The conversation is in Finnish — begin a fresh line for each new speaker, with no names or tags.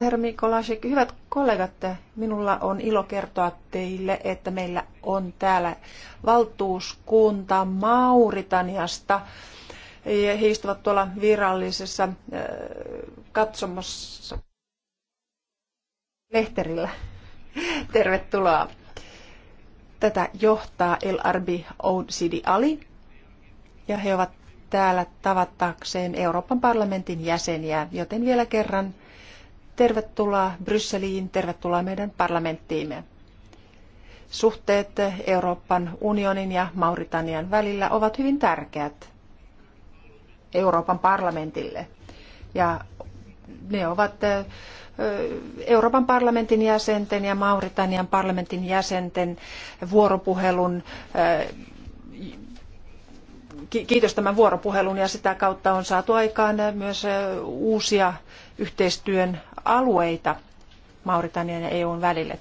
Herra Mikolasik, hyvät kollegat, minulla on ilo kertoa teille, että meillä on täällä valtuuskunta Mauritaniasta. He istuvat tuolla virallisessa äh, katsomossa lehterillä. Tervetuloa. Tätä johtaa El Arbi Oud Ali ja he ovat täällä tavattaakseen Euroopan parlamentin jäseniä, joten vielä kerran – Tervetuloa Brysseliin, tervetuloa meidän parlamenttiimme. Suhteet Euroopan unionin ja Mauritanian välillä ovat hyvin tärkeät Euroopan parlamentille. Ja ne ovat Euroopan parlamentin jäsenten ja Mauritanian parlamentin jäsenten vuoropuhelun kiitos tämän vuoropuhelun ja sitä kautta on saatu aikaan myös uusia yhteistyön alueita Mauritanian ja EUn välille.